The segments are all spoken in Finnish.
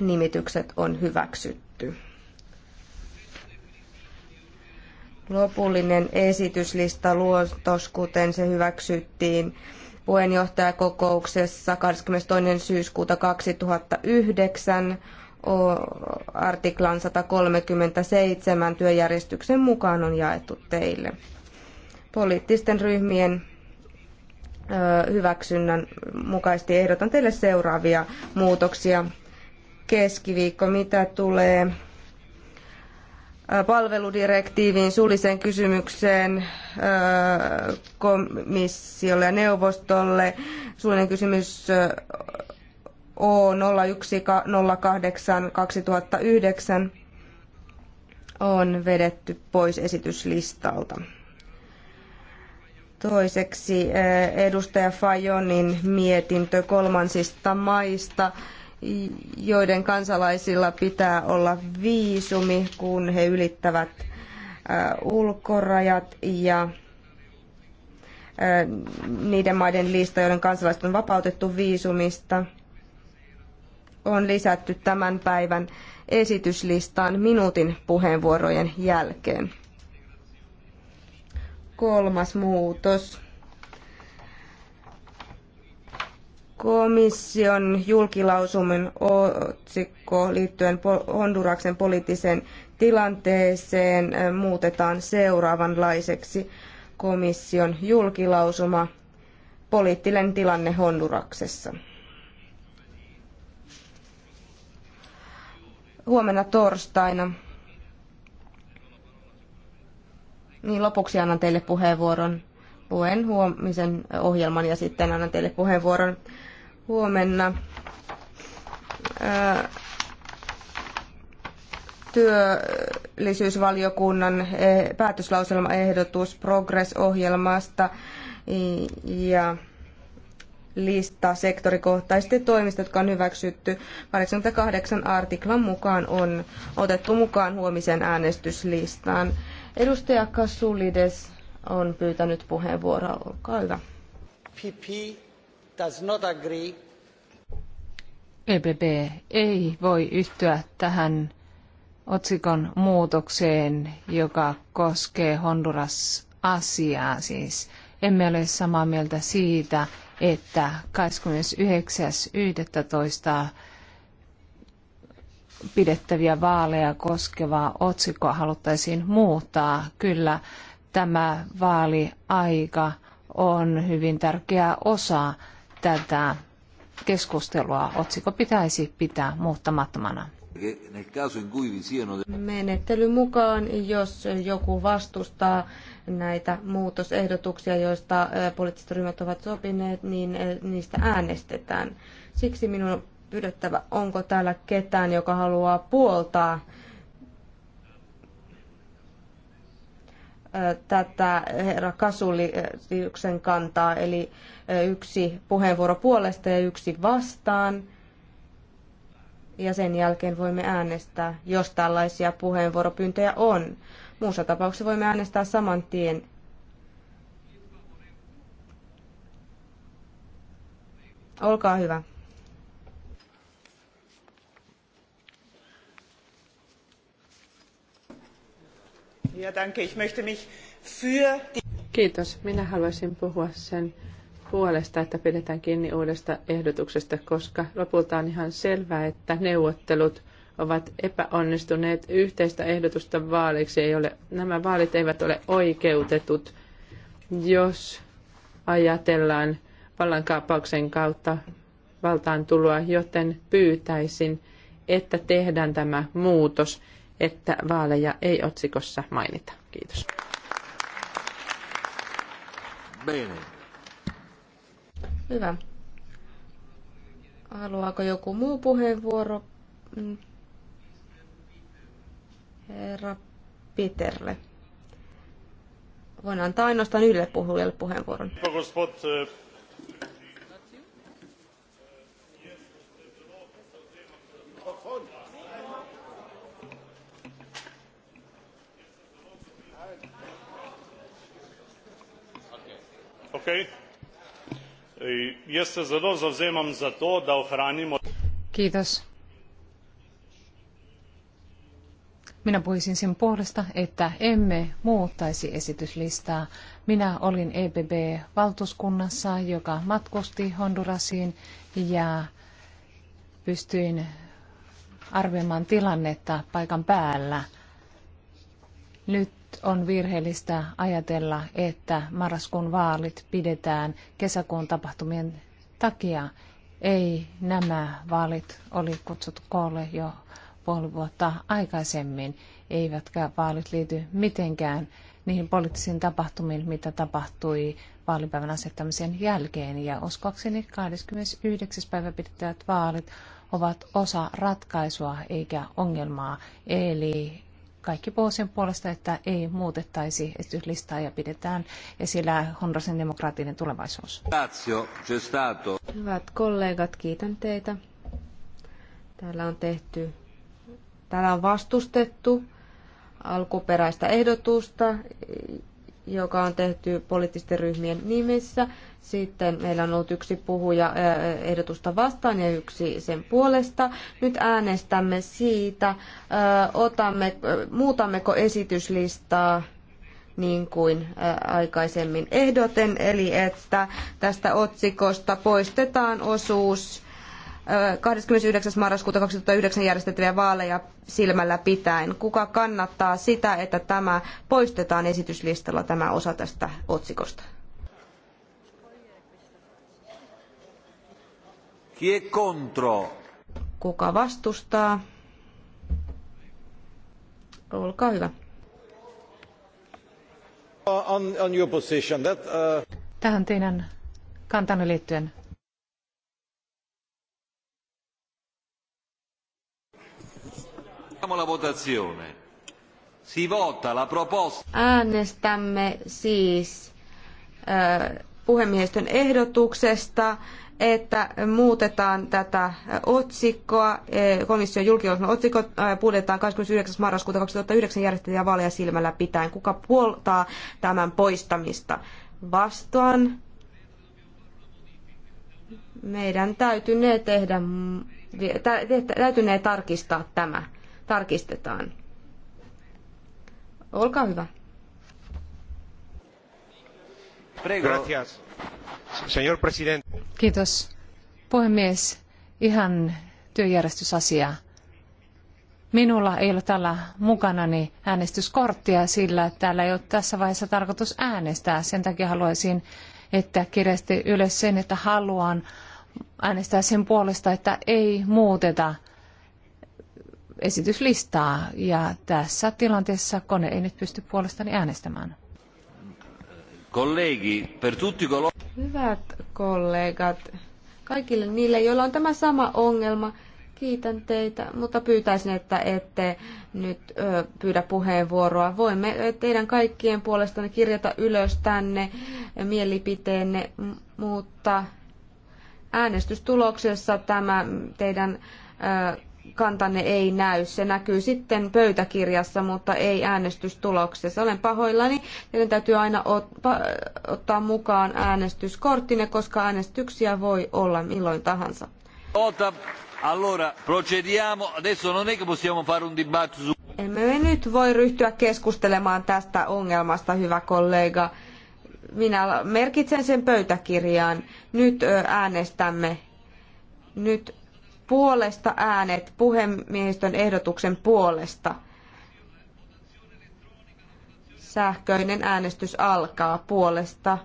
nimitykset on hyväksytty. Lopullinen esityslista luontos, kuten se hyväksyttiin puheenjohtajakokouksessa 22. syyskuuta 2009 artiklan 137 työjärjestyksen mukaan on jaettu teille. Poliittisten ryhmien hyväksynnän mukaisesti ehdotan teille seuraavia muutoksia keskiviikko, mitä tulee äh, palveludirektiiviin, suulliseen kysymykseen äh, komissiolle ja neuvostolle. Suullinen kysymys äh, o 0108 on vedetty pois esityslistalta. Toiseksi edustaja Fajonin mietintö kolmansista maista joiden kansalaisilla pitää olla viisumi, kun he ylittävät äh, ulkorajat ja äh, niiden maiden lista, joiden kansalaiset on vapautettu viisumista, on lisätty tämän päivän esityslistaan minuutin puheenvuorojen jälkeen. Kolmas muutos. komission julkilausuman otsikko liittyen Honduraksen poliittiseen tilanteeseen eh, muutetaan seuraavanlaiseksi komission julkilausuma poliittinen tilanne Honduraksessa. Huomenna torstaina. Niin lopuksi annan teille puheenvuoron. Luen huomisen ohjelman ja sitten annan teille puheenvuoron huomenna työllisyysvaliokunnan e, päätöslauselmaehdotus Progress-ohjelmasta ja lista sektorikohtaisesti toimista, jotka on hyväksytty 88 artiklan mukaan on otettu mukaan huomisen äänestyslistaan. Edustaja Kasulides on pyytänyt puheenvuoroa. Olkaa hyvä. PP does not agree EPP ei voi yhtyä tähän otsikon muutokseen, joka koskee Honduras-asiaa. Siis emme ole samaa mieltä siitä, että 29.11. pidettäviä vaaleja koskevaa otsikkoa haluttaisiin muuttaa. Kyllä tämä vaaliaika on hyvin tärkeä osa tätä keskustelua. Otsikko pitäisi pitää muuttamattomana. Menettelyn mukaan, jos joku vastustaa näitä muutosehdotuksia, joista poliittiset ryhmät ovat sopineet, niin niistä äänestetään. Siksi minun on pyydettävä, onko täällä ketään, joka haluaa puoltaa tätä herra Kasuliuksen kantaa, eli yksi puheenvuoro puolesta ja yksi vastaan. Ja sen jälkeen voimme äänestää, jos tällaisia puheenvuoropyyntöjä on. Muussa tapauksessa voimme äänestää saman tien. Olkaa hyvä. Kiitos. Minä haluaisin puhua sen puolesta, että pidetään kiinni uudesta ehdotuksesta, koska lopulta on ihan selvää, että neuvottelut ovat epäonnistuneet. Yhteistä ehdotusta vaaliksi ei ole, nämä vaalit eivät ole oikeutetut, jos ajatellaan vallankaappauksen kautta valtaan tuloa, joten pyytäisin, että tehdään tämä muutos että vaaleja ei otsikossa mainita. Kiitos. Bene. Hyvä. Haluaako joku muu puheenvuoro? Mm. Herra Peterle. Voin antaa ainoastaan yhdelle puhujalle puheenvuoron. Jaz se zelo zavzemam za to, da ohranimo. Kiitos. Minä puhuisin sen puolesta, että emme muuttaisi esityslistaa. Minä olin EBB-valtuuskunnassa, joka matkusti Hondurasiin ja pystyin arvioimaan tilannetta paikan päällä. Nyt on virheellistä ajatella, että marraskuun vaalit pidetään kesäkuun tapahtumien takia. Ei nämä vaalit oli kutsuttu koolle jo puoli vuotta aikaisemmin, eivätkä vaalit liity mitenkään niihin poliittisiin tapahtumiin, mitä tapahtui vaalipäivän asettamisen jälkeen. Ja uskoakseni 29. päivä pidettävät vaalit ovat osa ratkaisua eikä ongelmaa. Eli kaikki puhuu sen puolesta, että ei muutettaisi esityslistaa ja pidetään esillä Hondurasin demokraattinen tulevaisuus. Hyvät kollegat, kiitän teitä. Täällä on tehty, täällä on vastustettu alkuperäistä ehdotusta, joka on tehty poliittisten ryhmien nimissä. Sitten meillä on ollut yksi puhuja ehdotusta vastaan ja yksi sen puolesta. Nyt äänestämme siitä, otamme, muutammeko esityslistaa niin kuin aikaisemmin ehdoten, eli että tästä otsikosta poistetaan osuus 29. marraskuuta 2009 järjestettäviä vaaleja silmällä pitäen. Kuka kannattaa sitä, että tämä poistetaan esityslistalla tämä osa tästä otsikosta? Kuka vastustaa? Olkaa hyvä. On, on your position that, uh... Tähän teidän kantanne liittyen Äänestämme siis puhemiehistön ehdotuksesta, että muutetaan tätä otsikkoa, e, komission julkilausuman otsikko puudetaan 29. marraskuuta 2009 järjestettyjä vaaleja silmällä pitäen. Kuka puoltaa tämän poistamista? Vastaan. Meidän täytynee tehdä, täytynee tarkistaa tämä tarkistetaan. Olkaa hyvä. Gracias. Señor presidente. Kiitos. Puhemies, ihan työjärjestysasia. Minulla ei ole täällä mukanani äänestyskorttia, sillä täällä ei ole tässä vaiheessa tarkoitus äänestää. Sen takia haluaisin, että kirjasti ylös sen, että haluan äänestää sen puolesta, että ei muuteta esityslistaa ja tässä tilanteessa kone ei nyt pysty puolestani äänestämään. Kollegi, per tutti kol- Hyvät kollegat, kaikille niille, joilla on tämä sama ongelma, kiitän teitä, mutta pyytäisin, että ette nyt ö, pyydä puheenvuoroa. Voimme teidän kaikkien puolestanne kirjata ylös tänne mielipiteenne, mutta äänestystuloksessa tämä teidän ö, kantanne ei näy. Se näkyy sitten pöytäkirjassa, mutta ei äänestystuloksessa. Olen pahoillani. Teidän täytyy aina ottaa mukaan äänestyskorttine, koska äänestyksiä voi olla milloin tahansa. Ota. Allora, procediamo. Adesso non è che possiamo fare un dibattito su... Emme me nyt voi ryhtyä keskustelemaan tästä ongelmasta, hyvä kollega. Minä merkitsen sen pöytäkirjaan. Nyt äänestämme. Nyt puolesta äänet puhemiehistön ehdotuksen puolesta. Sähköinen äänestys alkaa puolesta.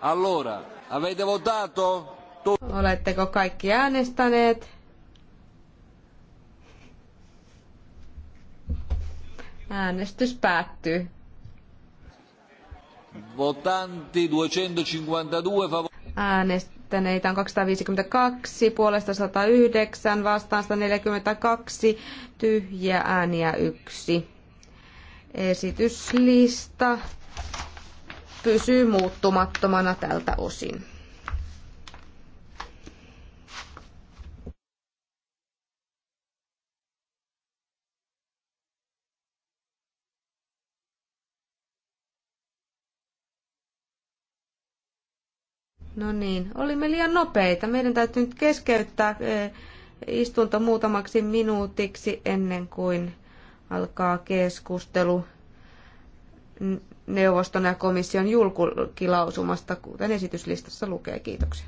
Allora, avete votato? Oletteko kaikki äänestäneet? Äänestys päättyy. Votanti 252 favore äänestäneitä on 252, puolesta 109, vastaan 142, tyhjiä ääniä 1. Esityslista pysyy muuttumattomana tältä osin. No niin, olimme liian nopeita. Meidän täytyy nyt keskeyttää eh, istunto muutamaksi minuutiksi ennen kuin alkaa keskustelu neuvoston ja komission julkilausumasta, kuten esityslistassa lukee. Kiitoksia.